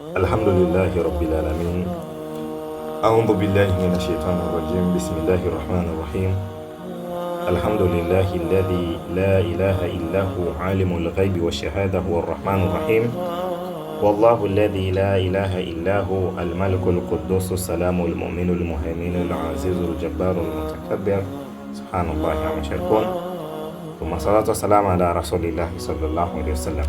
الحمد لله رب العالمين أعوذ بالله من الشيطان الرجيم بسم الله الرحمن الرحيم الحمد لله الذي لا إله إلا هو عالم الغيب والشهادة هو الرحمن الرحيم والله الذي لا إله إلا هو الملك القدوس السلام المؤمن المهيمن العزيز الجبار المتكبر سبحان الله عما يشركون ثم صلاة والسلام على رسول الله صلى الله عليه وسلم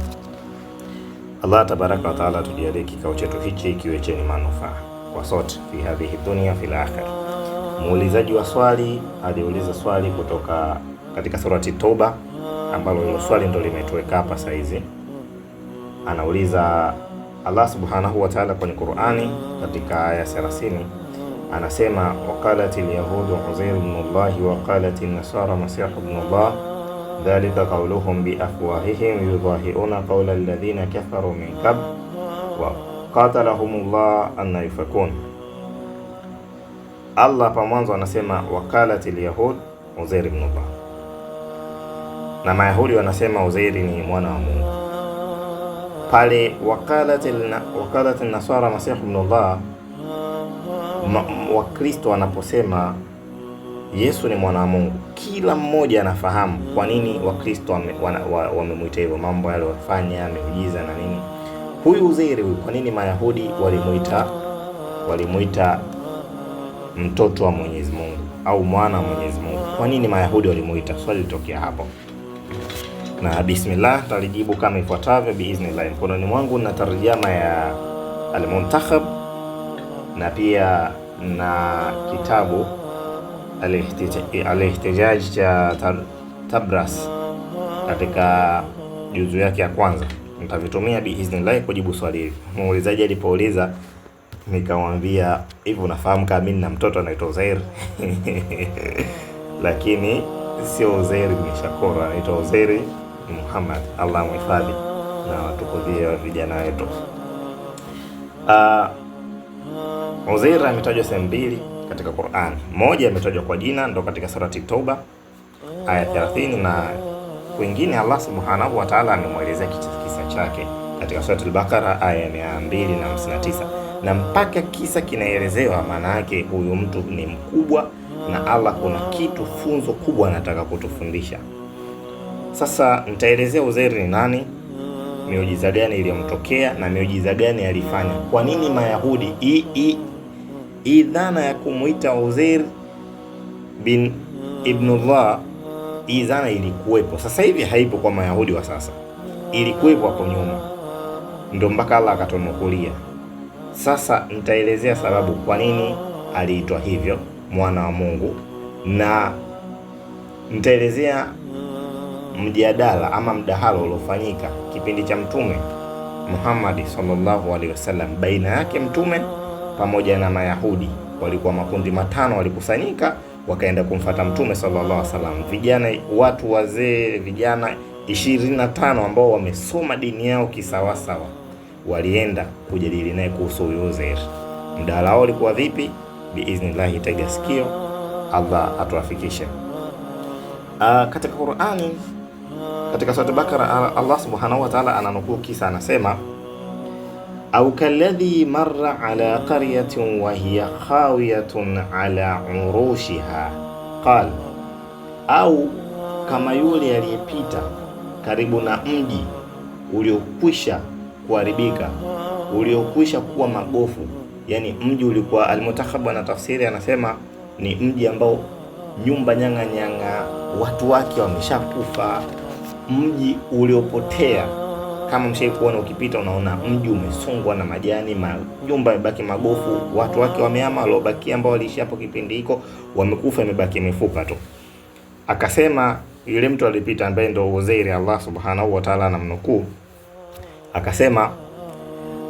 Allah tabaraka wa taala tujalie kikao chetu hichi kiwe chenye manufaa kwa sote, fi hadhihi dunia fil akhira. Muulizaji wa swali aliuliza swali kutoka katika surati Toba, ambalo hilo swali ndo limetuweka hapa saizi. Anauliza Allah subhanahu wa taala kwenye Qurani katika aya 30 anasema, waqalatil yahudu Uzair ibn Allah nasara Masih ibn dhalika qauluhum biafwahihim yudhahiuna qaula alladhina kafaru min qabl wa qatalahum llah anna yufakun. Allah hapa mwanzo anasema wakalat lyahud Uzair ibn Allah, na Mayahudi wanasema Uzairi ni mwana wa Mungu. Pale wakalat nasara Masihu ibn Allah, Wakristo wanaposema Yesu ni mwana wa Mungu. Kila mmoja anafahamu kwa nini Wakristo wamemwita hivyo, mambo yale wafanya, ameujiza na nini. Huyu uzeri huyu, kwa nini Mayahudi walimwita walimwita mtoto wa Mwenyezi Mungu au mwana wa Mwenyezi Mungu? Kwa nini Mayahudi walimwita? Swali litokea hapo, na bismillah talijibu kama ifuatavyo. Biiznillah, mkononi mwangu na tarjama ya al na pia na kitabu alihtijaji cha Tabras katika juzu yake ya kwanza. Nitavitumia biiznillah kujibu swali hili. Muulizaji alipouliza nikamwambia hivi, unafahamu kama mimi na mtoto anaitwa Uzair? Lakini sio Uzair ni anaitwa Uzair ni Muhammad. Allah muhifadhi na watukudhie vijana wetu. Uh, Uzair ametajwa sehemu mbili katika Qur'an. Moja imetajwa kwa jina ndo katika surati Toba aya 30 na wengine Allah Subhanahu wa Ta'ala amemwelezea kisa chake katika surati Al-Baqara aya ya 259 na mpaka kisa kinaelezewa, maana yake huyu mtu ni mkubwa na Allah kuna kitu funzo kubwa anataka kutufundisha. Sasa nitaelezea uzeri ni nani, miujiza gani iliyomtokea na miujiza gani alifanya, kwa nini Mayahudi hii hii dhana ya kumwita Uzair bin Ibnullah, hii dhana ilikuwepo. Sasa hivi haipo kwa Mayahudi wa sasa, ilikuwepo hapo nyuma, ndio mpaka Allah akatonukulia Sasa nitaelezea sababu kwa nini aliitwa hivyo mwana wa Mungu, na nitaelezea mjadala ama mdahalo uliofanyika kipindi cha Mtume Muhammad sallallahu alaihi wasallam baina yake mtume pamoja na Mayahudi walikuwa makundi matano, walikusanyika wakaenda kumfata Mtume sallallahu alaihi wasallam, vijana, watu wazee, vijana 25 ambao wamesoma dini yao kisawasawa, walienda kujadili naye kuhusu huyo Uzair. Mdahalo wao ulikuwa vipi? Biiznillahi, tega sikio, Allah atuafikishe. Uh, katika Qur'ani, katika sura Bakara, Allah subhanahu wa ta'ala ananukuu kisa, anasema au kalladhi marra ala qaryatin wa hiya khawiyatun ala urushiha qal, au kama yule aliyepita karibu na mji uliokwisha kuharibika uliokwisha kuwa magofu, yani mji ulikuwa. Almutakhabu ana tafsiri anasema ni mji ambao nyumba nyang'anyanga, watu wake wameshakufa, mji uliopotea kama mshai kuona, ukipita unaona mji umesongwa na majani, majumba yamebaki magofu, watu wake wamehama, waliobakia ambao waliishi hapo kipindi hiko wamekufa, imebaki mifupa tu. Akasema yule mtu alipita, ambaye ndo Uzairi, Allah subhanahu wa ta'ala anamnukuu akasema,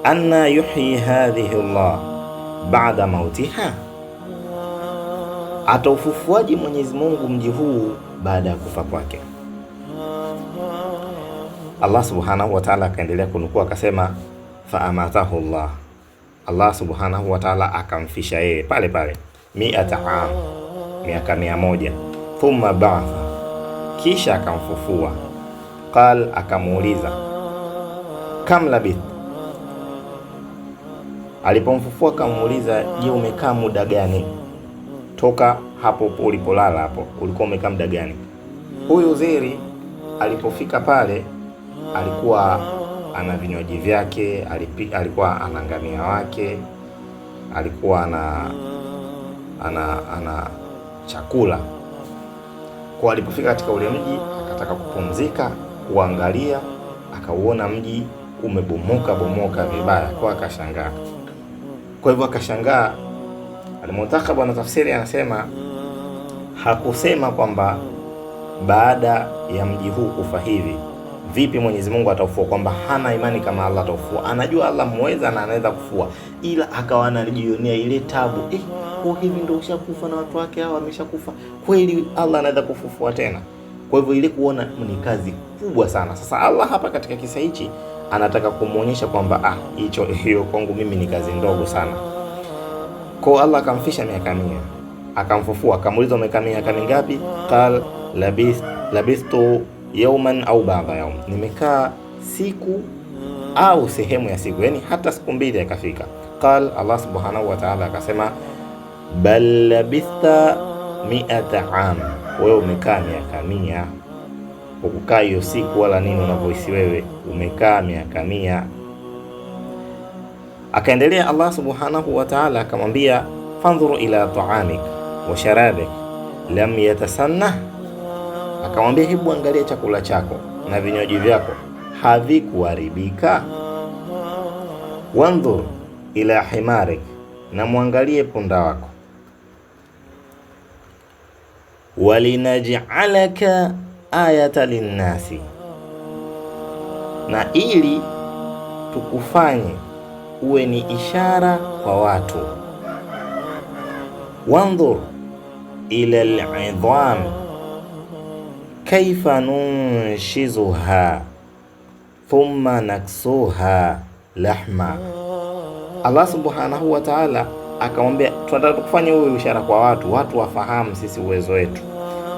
anna yuhyi hadhihi Allah ba'da mautiha, ataufufuaje Mwenyezi Mungu mji huu baada ya kufa kwake? Allah subhanahu wa ta'ala akaendelea kunukua akasema, fa amatahu Allah, Allah subhanahu wa ta'ala akamfisha yeye pale pale miata am, miaka mia moja. Thumma ba'atha, kisha akamfufua. Qal, akamuuliza kam labith, alipomfufua akamuuliza, je, umekaa muda gani toka hapo ulipolala hapo ulikuwa umekaa muda gani? Huyu Uzeri alipofika pale alikuwa ana vinywaji vyake, alikuwa ana ngamia wake, alikuwa ana ana ana chakula. Kwa alipofika katika ule mji, akataka kupumzika, kuangalia, akauona mji umebomoka bomoka vibaya, kwa akashangaa. Kwa hivyo akashangaa. Almuntaqab ana tafsiri anasema hakusema kwamba baada ya mji huu kufa hivi Vipi Mwenyezi Mungu ataufua? Kwamba hana imani kama Allah ataufua. Anajua Allah muweza na anaweza kufua, ila akawa anajionea ile tabu eh, kwa hivi ndio ushakufa na watu wake hawa wameshakufa, kweli Allah anaweza kufufua tena? Kwa hivyo ile kuona ni kazi kubwa sana. Sasa Allah hapa katika kisa hichi anataka kumuonyesha kwamba ah, hicho hiyo kwangu mimi ni kazi ndogo sana. Kwa Allah akamfisha miaka mia, akamfufua, akamuuliza umekaa miaka mingapi? Qal labistu yauman au baadha yaum, nimekaa siku au sehemu ya siku, yani hata siku mbili ikafika. Qal, Allah subhanahu wa ta'ala akasema, bal labitha mi'ata am, wewe umekaa miaka mia. Ukukaa hiyo siku wala nini unavyohisi wewe, umekaa miaka mia. Akaendelea Allah subhanahu wa ta'ala akamwambia, fandhuru ila ta'amik wa sharabik lam yatasanna akamwambia, hebu angalia chakula chako na vinywaji vyako havikuharibika? Wandhur ila himarik, na mwangalie punda wako. Walinajalaka ayata linnasi, na ili tukufanye uwe ni ishara kwa watu. Wandhur ila alidham kaifa nunshizuha thumma naksuha lahma. Allah subhanahu wa ta'ala akamwambia, tunataka kufanya huyo ishara kwa watu, watu wafahamu sisi uwezo wetu.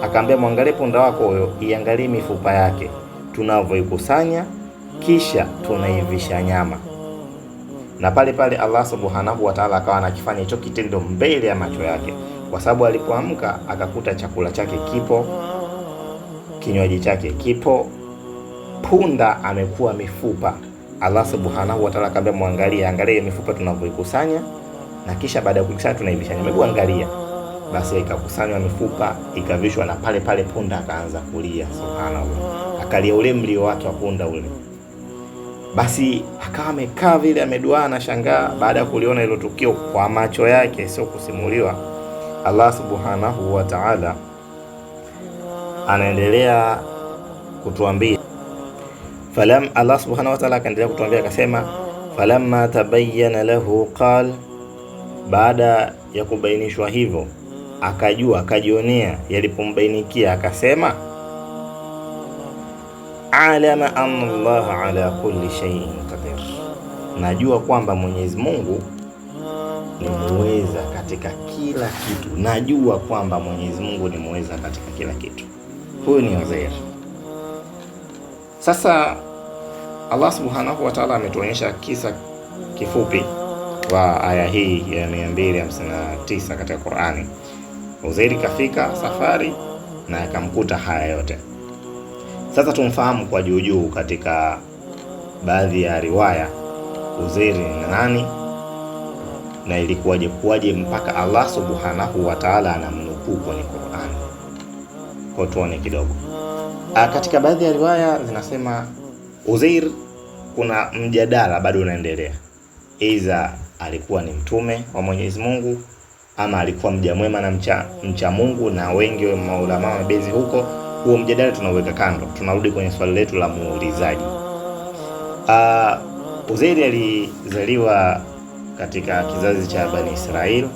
Akamwambia, mwangalie punda wako huyo, iangalie mifupa yake tunavyoikusanya, kisha tunaivisha nyama. Na pale pale Allah subhanahu wa ta'ala akawa anakifanya hicho kitendo mbele ya macho yake, kwa sababu alipoamka akakuta chakula chake kipo kinywaji chake kipo. Punda amekuwa mifupa. Allah subhanahu wa ta'ala akaambia, muangalie, angalie mifupa tunavyoikusanya, na kisha baada ya kukusanya tunaibisha. Hebu angalia basi, ikakusanywa mifupa ikavishwa, na pale pale punda akaanza kulia, subhanallah, akalia ule mlio wake wa punda ule. Basi akawa amekaa vile ameduaa, anashangaa baada ya kuliona hilo tukio kwa macho yake, sio kusimuliwa. Allah subhanahu wa ta'ala anaendelea kutuambia falam, Allah subhanahu wa ta'ala akaendelea kutuambia akasema, falamma tabayyana lahu qal, baada ya kubainishwa hivyo akajua akajionea yalipombainikia akasema, alama anna Allah ala kulli shay'in qadir, najua kwamba Mwenyezi Mungu ni muweza katika kila kitu. Najua kwamba Mwenyezi Mungu ni muweza katika kila kitu huyu ni Uzair. Sasa Allah subhanahu wa taala ametuonyesha kisa kifupi wa aya hii ya 259 katika Qurani. Uzairi kafika safari na akamkuta haya yote. Sasa tumfahamu kwa juujuu, katika baadhi ya riwaya Uzairi ni nani na ilikuwaje kuwaje mpaka Allah subhanahu wa taala anamnukuu kwenye Qurani kwa tuone kidogo. A, ah, katika baadhi ya riwaya zinasema Uzair, kuna mjadala bado unaendelea, aidha alikuwa ni mtume wa Mwenyezi Mungu ama alikuwa mja mwema na mcha, mcha Mungu, na wengi maulama wamebezi huko. Huo mjadala tunauweka kando, tunarudi kwenye swali letu la muulizaji. Ah, Uzair alizaliwa katika kizazi cha Bani Israil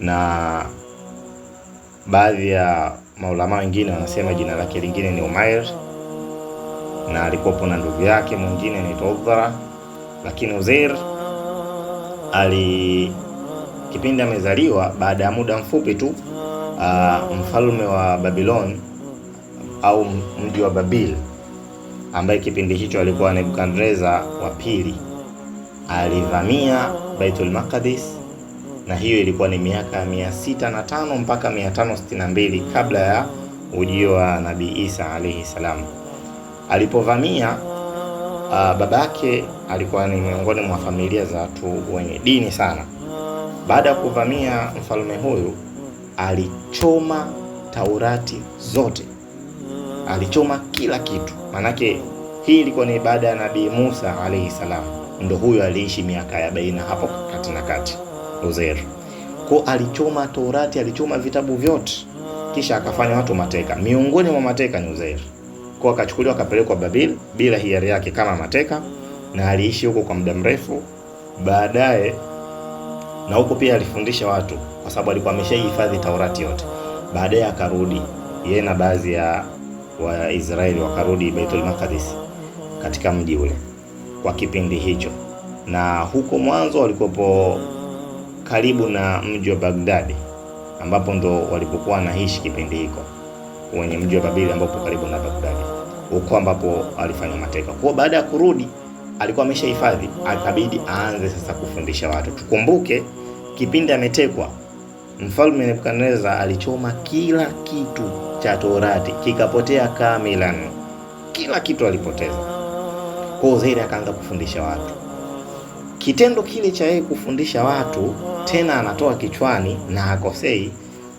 na Baadhi ya maulama wengine wanasema jina lake lingine ni Umair, na alikuwapo na ndugu yake mwingine anaitwa Udhara, lakini Uzair ali kipindi amezaliwa, baada ya muda mfupi tu uh, mfalme wa Babilon au mji wa Babil ambaye kipindi hicho alikuwa Nebukadreza wa pili alivamia Baitul Maqdis na hiyo ilikuwa ni miaka mia tano mpaka mia mbili kabla ya ujio wa Nabii Isa alaihi salam. Alipovamia uh, babake alikuwa ni miongoni mwa familia za watu wenye dini sana. Baada ya kuvamia, mfalme huyu alichoma Taurati zote, alichoma kila kitu. Maanake hii ilikuwa ni baada ya Nabii Musa alaihi salam, ndo huyo aliishi miaka ya baina hapo kati na kati. Uzeri. Kwa alichoma Torati, alichoma vitabu vyote, kisha akafanya watu mateka. Miongoni mwa mateka ni Uzeri. Kwa akachukuliwa akapelekwa babil bila hiari yake kama mateka, na aliishi huko kwa muda mrefu. Baadaye na huko pia alifundisha watu, kwa sababu alikuwa ameshahifadhi Taurati yote. Baadaye akarudi yeye na baadhi ya Waisraeli wakarudi Baitul Maqdis katika mji ule kwa kipindi hicho, na huko mwanzo walikuwepo karibu na mji wa Baghdad ambapo ndo walipokuwa wanaishi kipindi hiko, wenye mji wa Babili ambapo karibu na Baghdad, huko ambapo alifanya mateka. Kwa baada ya kurudi alikuwa ameshahifadhi, akabidi aanze sasa kufundisha watu. Tukumbuke kipindi ametekwa, mfalme Nebukadneza alichoma kila kitu cha Torati kikapotea kamilan, kila kitu alipoteza. Kwa Uzairi akaanza kufundisha watu Kitendo kile cha yeye kufundisha watu ah. tena anatoa kichwani na hakosei,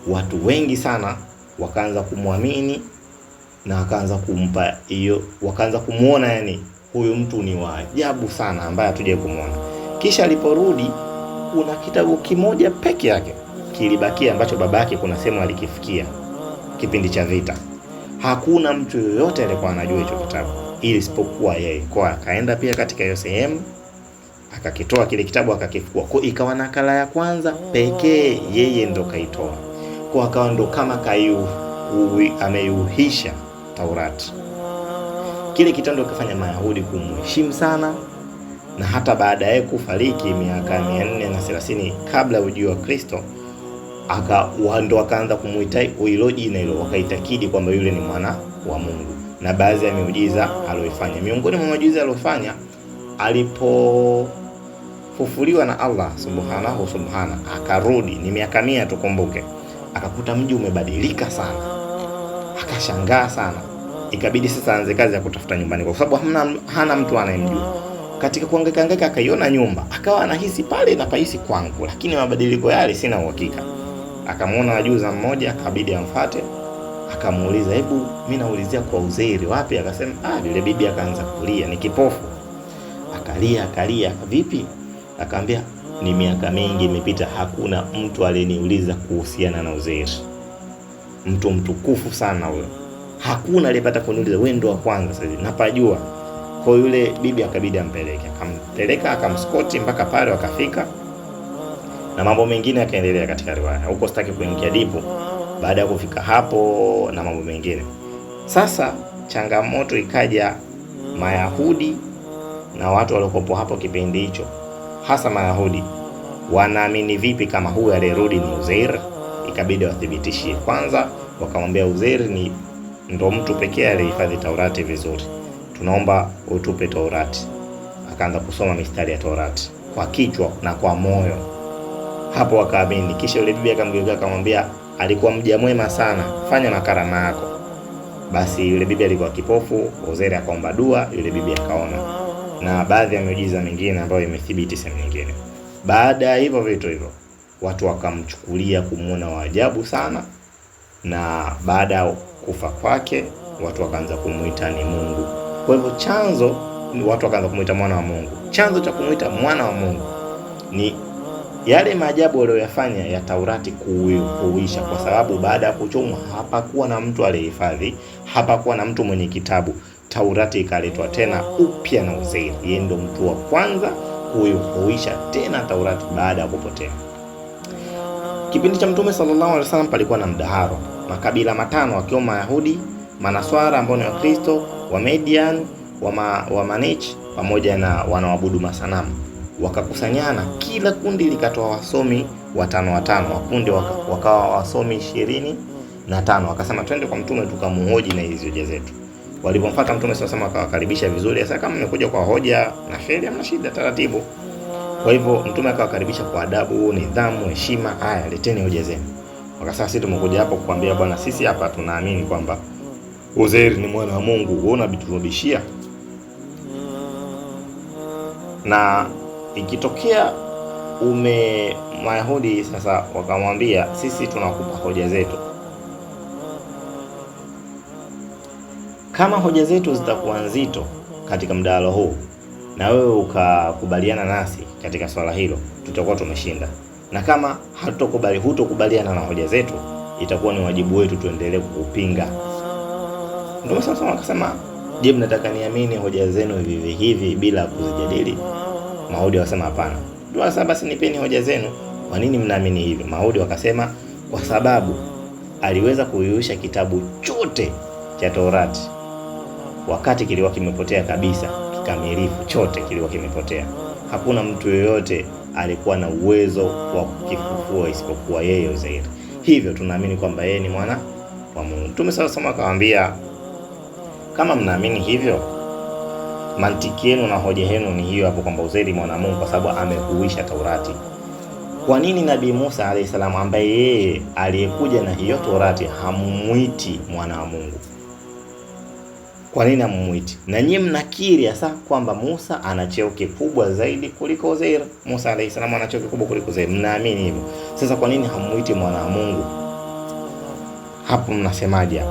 watu wengi sana wakaanza kumwamini na wakaanza kumpa hiyo, wakaanza kumwona, yani huyu mtu ni wa ajabu sana ambaye hatujai kumwona. Kisha aliporudi kuna kitabu kimoja peke yake kilibakia ambacho babake kuna sehemu alikifikia kipindi cha vita. Hakuna mtu yoyote alikuwa anajua hicho kitabu ili isipokuwa yeye, kwa akaenda pia katika hiyo sehemu akakitoa kile kitabu akakifukua, kwa ikawa nakala ya kwanza pekee yeye ndo kaitoa, kwa akawa ndo kama kayu ameiuhisha Taurati. Kile kitendo kifanya Mayahudi kumheshimu sana, na hata baadaye kufariki miaka 430 kabla ya ujio wa Kristo aka ndo akaanza kumuita hilo jina hilo, wakaitakidi kwamba yule ni mwana wa Mungu, na baadhi ya miujiza aliyofanya. Miongoni mwa miujiza aliyofanya alipo akafufuliwa na Allah subhanahu subhana, akarudi ni miaka mia tukumbuke, akakuta mji umebadilika sana, akashangaa sana, ikabidi sasa aanze kazi ya kutafuta nyumbani, kwa sababu hamna hana mtu anayemjua. Katika kuangaika angaika akaiona nyumba, akawa anahisi pale na paisi kwangu, lakini mabadiliko yale sina uhakika. Akamwona wajuza mmoja, akabidi amfate, akamuuliza hebu mimi naulizia kwa uzeri wapi? Akasema ah, yule bibi akaanza kulia, ni kipofu, akalia akalia, vipi Akaambia ni miaka mingi imepita, hakuna mtu aliyeniuliza kuhusiana na uzeeshi. Mtu mtukufu sana huyo, hakuna aliyepata kuniuliza, wewe ndo wa kwanza sasa, napajua. Kwa yule bibi akabidi ampeleke, akampeleka akamskoti mpaka pale wakafika, na mambo mengine yakaendelea katika riwaya huko, sitaki kuingia dipo. Baada ya kufika hapo na mambo mengine, sasa changamoto ikaja Mayahudi na watu waliokopo hapo kipindi hicho hasa Mayahudi wanaamini vipi kama huyu aliyerudi ni Uzair? Ikabidi wathibitishie kwanza, wakamwambia Uzair ni ndo mtu pekee aliyehifadhi Taurati vizuri, tunaomba utupe Taurati. Akaanza kusoma mistari ya Taurati kwa kichwa na kwa moyo, hapo wakaamini. Kisha yule bibi akamgeuka akamwambia, alikuwa mja mwema sana, fanya makarama yako. Basi yule bibi alikuwa kipofu. Uzair akaomba dua, yule bibi akaona na baadhi ya miujiza mingine ambayo imethibiti sehemu nyingine. Baada ya hivyo vitu hivyo, watu wakamchukulia kumwona wa ajabu sana, na baada ya kufa kwake watu wakaanza kumwita ni Mungu. Kwa hivyo chanzo, watu wakaanza kumwita mwana wa Mungu. Chanzo cha kumwita mwana wa Mungu ni yale maajabu aliyoyafanya ya Taurati kuuisha, kwa sababu baada ya kuchomwa hapakuwa na mtu aliyehifadhi, hapakuwa na mtu mwenye kitabu. Taurati ikaletwa tena upya na uzeiri Yeye ndo mtu wa kwanza kuihuisha tena Taurati baada ya kupotea. Kipindi cha Mtume sallallahu alaihi wasallam palikuwa na mdaharo, makabila matano wakiwa Mayahudi, Manaswara ambao ni Wakristo, Wamedian, Wamanich wa pamoja na wanaoabudu masanamu wakakusanyana, kila kundi likatoa wasomi watano watano, wakundi wakawa wasomi ishirini na tano, wakasema twende kwa Mtume tukamuhoji na hizo hoja zetu. Walipomfuata Mtume sasa akawakaribisha vizuri. Sasa kama mmekuja kwa hoja na kheri, hamna shida, taratibu. Kwa hivyo Mtume akawakaribisha kwa adabu, nidhamu, heshima. Haya, leteni hoja zenu. Wakasema sisi tumekuja hapa kukwambia bwana, sisi hapa tunaamini kwamba uzeri ni mwana wa Mungu, wewe unabiturudishia na ikitokea ume Mayahudi sasa wakamwambia, sisi tunakupa hoja zetu Kama hoja zetu zitakuwa nzito katika mdahalo huu na wewe ukakubaliana nasi katika swala hilo, tutakuwa tumeshinda, na kama hatutokubali, hutokubaliana na hoja zetu, itakuwa ni wajibu wetu tuendelee kukupinga. Ndio Samson akasema, je, mnataka niamini hoja zenu hivi hivi bila kuzijadili? Maudi wakasema hapana. Ndio sasa basi, nipeni hoja zenu, kwa nini mnaamini hivyo? Maudi wakasema kwa sababu aliweza kuiuisha kitabu chote cha Torati wakati kilikuwa kimepotea kabisa kikamilifu, chote kilikuwa kimepotea. Hakuna mtu yoyote alikuwa na uwezo wa kukifufua isipokuwa yeye Uzair. Hivyo tunaamini kwamba yeye ni mwana wa Mungu. Mtume sala sama akawaambia, kama mnaamini hivyo, mantiki yenu na hoja yenu ni hiyo hapo kwamba ni mwana wa Mungu kwa sababu amehuisha Taurati. Kwa nini Nabii Musa alayhi salamu ambaye yeye aliyekuja na hiyo Taurati hamumwiti mwana wa Mungu? kwa nini amumuiti? Na nyie mnakiri hasa kwamba Musa ana cheo kikubwa zaidi kuliko Uzair. Musa alayhi salamu ana cheo kikubwa kuliko Uzair, mnaamini hivyo. Sasa kwa nini hamuiti mwana wa Mungu? Hapo mnasemaje hapo?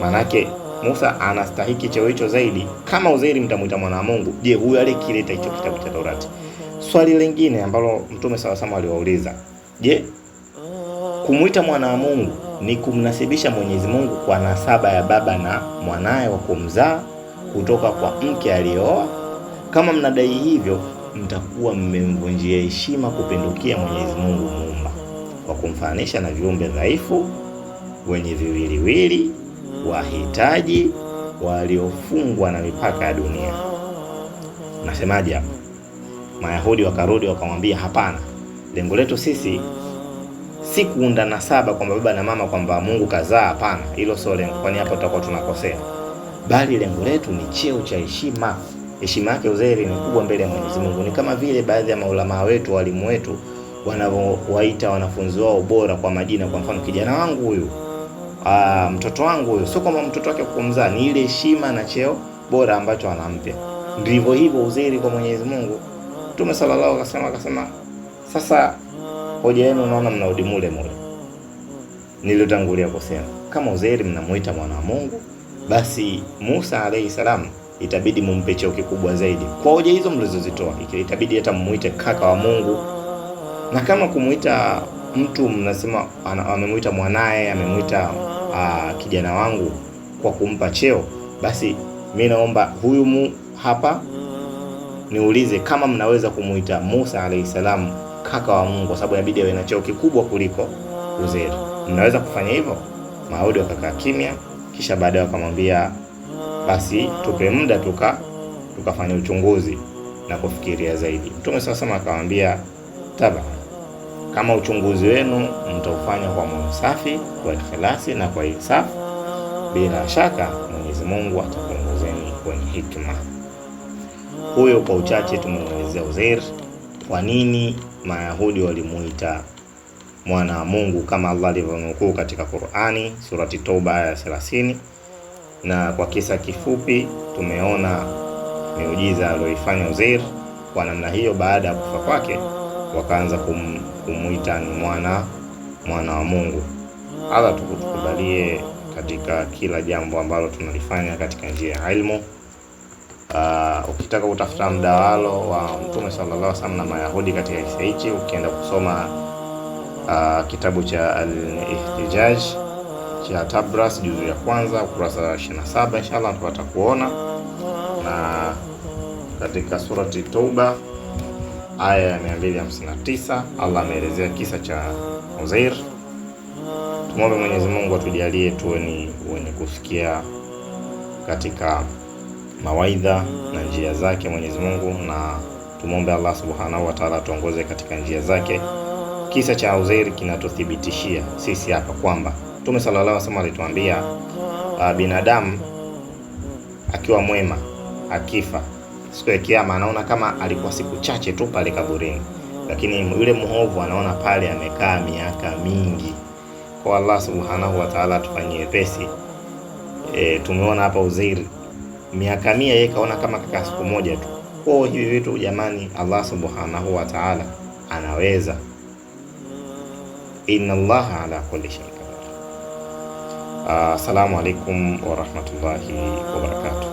Manake Musa anastahiki cheo hicho zaidi. Kama Uzairi mtamwita mwana wa Mungu, je, huyu alikileta hicho kitabu cha Torati? Swali lingine ambalo Mtume sawasamu aliwauliza, je, kumwita mwana wa Mungu ni kumnasibisha Mwenyezi Mungu kwa nasaba ya baba na mwanaye wa kumzaa kutoka kwa mke aliyooa Kama mnadai hivyo, mtakuwa mmemvunjia heshima kupindukia Mwenyezi Mungu muumba kwa kumfananisha na viumbe dhaifu, wenye viwiliwili, wahitaji, waliofungwa na mipaka ya dunia. Nasemaje hapa? Mayahudi wakarudi wakamwambia, hapana, lengo letu sisi si kuunda saba kwamba baba na mama kwamba Mungu kazaa. Hapana, hilo sio lengo, kwani hapo tutakuwa tunakosea, bali lengo letu ni cheo cha heshima. Heshima yake Uzeri ni kubwa mbele ya Mwenyezi Mungu. Ni kama vile baadhi ya maulamaa wetu, walimu wetu wanavyowaita wanafunzi wao bora kwa majina. Kwa mfano, kijana wangu huyu, ah, mtoto wangu huyu, sio kwamba mtoto wake kumzaa, ni ile heshima na cheo bora ambacho anampa. Ndivyo hivyo Uzeri kwa Mwenyezi Mungu. Mtume sallallahu alaihi wasallam akasema sasa hoja yenu naona mnarudi mule mule nilitangulia kusema, kama Uzeri mnamuita mwana wa Mungu, basi Musa alayhi salam itabidi mumpe cheo kikubwa zaidi kwa hoja hizo mlizozitoa. Itabidi hata mmuite kaka wa Mungu, na kama kumuita mtu mnasema amemuita mwanaye, amemuita kijana wangu kwa kumpa cheo, basi mi naomba huyu mu hapa niulize kama mnaweza kumuita Musa alayhi salam kaka wa Mungu, kwa sababu inabidi awe na cheo kikubwa kuliko Uzeri. Mnaweza kufanya hivyo? Maudi wakakaa kimya, kisha baadaye wakamwambia basi tupe muda tuka tukafanya uchunguzi na kufikiria zaidi. Mtume sasa akamwambia taba, kama uchunguzi wenu mtaufanya kwa moyo safi, kwa ikhlasi na kwa insafu, bila shaka Mwenyezi Mungu atakuongozeni kwenye hikma. Huyo kwa uchache tumemwelezea Uzair kwa nini Mayahudi walimuita mwana wa Mungu kama Allah alivyonukuu katika Qur'ani surati Toba aya ya 30. Na kwa kisa kifupi tumeona miujiza aliyoifanya Uzair kwa namna hiyo. Baada ya kufa kwake wakaanza kum, kumwita ni mwana mwana wa Mungu. Allah tukukubalie katika kila jambo ambalo tunalifanya katika njia ya ilmu. Uh, ukitaka kutafuta mdawalo wa Mtume sallallahu alaihi wasallam na Mayahudi katika kisa hichi, ukienda kusoma uh, kitabu cha Al-Ihtijaj cha Tabras juzu ya kwanza ukurasa wa 27, inshallah tupata kuona, na katika surati Tauba aya ya 259 Allah ameelezea kisa cha Uzair. Tumwombe Mwenyezi Mungu atujalie tuwe ni wenye kusikia katika mawaidha na njia zake Mwenyezi Mungu, na tumombe Allah Subhanahu wa Ta'ala tuongoze katika njia zake. Kisa cha Uzair kinatuthibitishia sisi hapa kwamba Mtume sallallahu alaihi wasallam alituambia ah, binadamu akiwa mwema akifa siku ya Kiyama anaona kama alikuwa siku chache tu pale kaburini, lakini yule muovu anaona pale amekaa miaka mingi. Kwa Allah subhanahu wa ta'ala atufanyie pesi. E, eh, tumeona hapa Uzairi miaka mia, yeye kaona kama kaka siku moja tu. Kwa hivi vitu jamani, Allah subhanahu wa ta'ala anaweza. Inna Allah ala kulli shay'in qadir. Ah, assalamu alaikum wa rahmatullahi wa barakatuh.